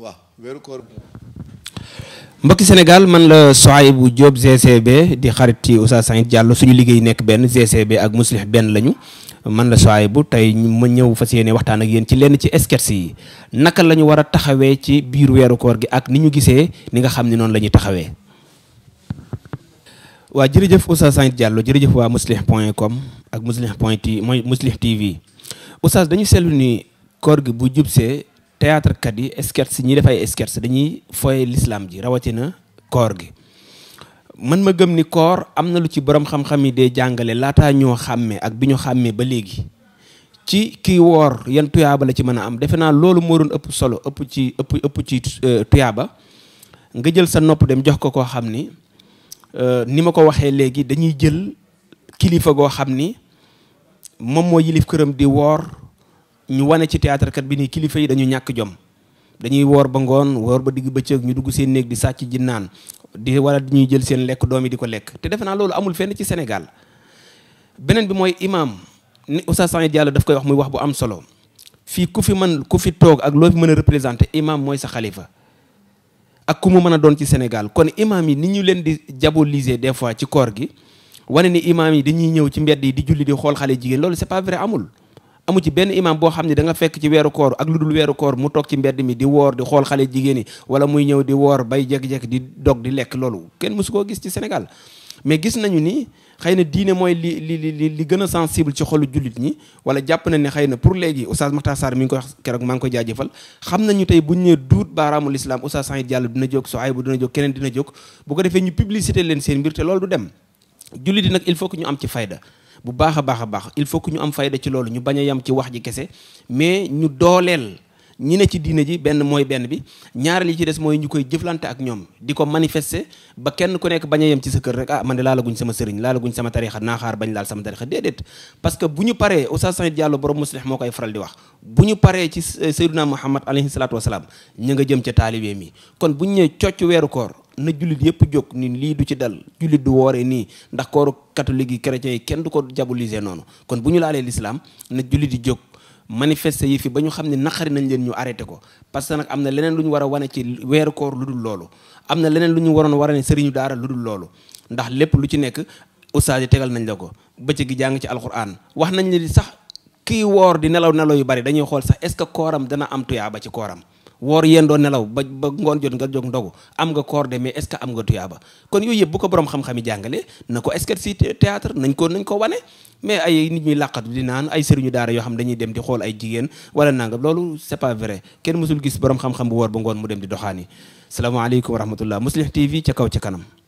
waaw weeru koor mbokki Sénégal man la Souhaïbou Diop GCB di xarit ci Oustaz Sahid Diallo suñu liggéey nekk benn GCB ak Muslih benn lañu man la bu tey ma ñëw fas yéene waxtaan ak yéen ci lenn ci sketch yi naka lañu ñu war a taxawee ci biir weeru koor gi ak ni ñu gisee ni nga xam ne noonu la taxawee. waa jërëjëf Oustaz Sahid Diallo jërëjëf waa Muslih point com ak Muslih point mooy TV Oustaz dañu seetlu ni koor gi bu jubsee théâtre kat yi sketch ñi def ay sketch dañuy foye lislaam ji rawatina koor gi man ma gëm ni koor am na lu ci borom xam-xam yi dee jàngale laataa ñoo xàmmee ak bi ñu xàmmee ba léegi ci kii woor yan tuyaaba la ci mën a am defe naa loolu moo doon ëpp solo ëpp ci ëpp ëpp ci euh, tuyaaba nga jël sa nopp dem jox ko koo xam ni euh, ni ma ko waxee léegi dañuy jël kilifa goo xam ni moom moo yilif këram di woor ñu wane ci théâtre kat bi ni kilifa yi dañu ñàkk jom dañuy woor ba ngoon woor ba digg bëccëg ñu dugg seen néeg di sàcc ji naan di wala dañuy jël seen lekk doom yi di ko lekk te defe loolu amul fenn ci Sénégal beneen bi mooy imaam ni Oustaz Sanit Diallo daf koy wax muy wax bu am solo fii ku fi mën ku fi toog ak loo mën a représenté imaam mooy sa xalifa ak ku mu mën a doon ci senegal kon imaam yi ni ñu leen di diaboliser des fois ci koor gi wane ni imaam yi dañuy ñëw ci mbedd yi di julli di xool xale jigéen loolu c'est pas vrai amul amu ci benn imam boo xam ne danga nga fekk ci weeru koor ak lu dul weeru koor mu toog ci mbedd mi di woor di xool xale jigéen yi wala muy ñëw di woor bay jekk-jekk di dog di lekk loolu kenn su koo gis ci Sénégal mais gis nañu ni xëy na diine mooy li li li li gën a sensible ci xolu jullit ñi wala jàpp na ne xëy na pour léegi oustaz Makhtar Sarr mi ngi koy wax keroog maa ngi koy jaajëfal xam nañu tey bu ñu nee duut baaraamu lislaam oustaz Sahid Diallo dina jóg Sohaybu dina jóg keneen dina jóg bu ko defee ñu publicité leen seen mbir te loolu du dem jullit il faut que am ci fayda bu baax a baax a baax il faut que ñu am fayda ci loolu ñu bañ a yem ci wax ji kese mais ñu dooleel ñu ne ci diina ji benn mooy benn bi ñaareel yi ci des mooy ñu koy jëflante ak ñoom di ko manifester ba kenn ku nekk bañ a ci sa kër rek ah man laala laalaguñ sama sëriñ laalaguñ sama tarixa naaxaar bañ laal sama tarixa déedéet parce que bu ñu paree Oustaz Sahid Diallo borom muslih moo koy faral di wax bu ñu paree ci Seyduna Muhammad alayhi salaatu wasalaam ñu nga jëm ca taalibe mi kon bu ñëwee cocc weeru koor na jullit yëpp jóg ni lii du ci dal jullit du wooree nii ndax kooru catholique yi chrétiens yi kenn du ko diaboliser noonu kon bu ñu laalee l'islam na jullit yi jóg manifester yi fi ba ñu xam ne naqari nañ leen ñu arrêté ko parce que nag am na leneen lu ñu war a wane ci weeru koor lu dul am na leneen lu ñu waroon war a ne sëriñu daara lu dul loolu ndax lépp lu ci nekk ustaas yi tegal nañ la ko bëccëg gi jàng ci alquran wax nañ li sax kii woor di nelaw nelaw yu bari dañuy xool sax est ce que kooram dana am tuyaa ba ci kooram woor yéen doo nelaw ba ba ngoon jot nga jóg ndogu am nga koor de mais est am nga tuyaaba kon yooyu yëpp ko borom xam-xam yi jàngale na ko est-ce que si théâtre nañ ko nañ ko wane mais ay nit ñuy làqatu di naan ay sëriñu daara yoo xam dañuy dem di xool ay jigéen wala nangam loolu c'est pas vrai kenn mësul gis borom xam-xam bu woor ba ngoon mu dem di doxaan yi salaamaaleykum wa rahmatullah Mouslih TV ca kaw ca kanam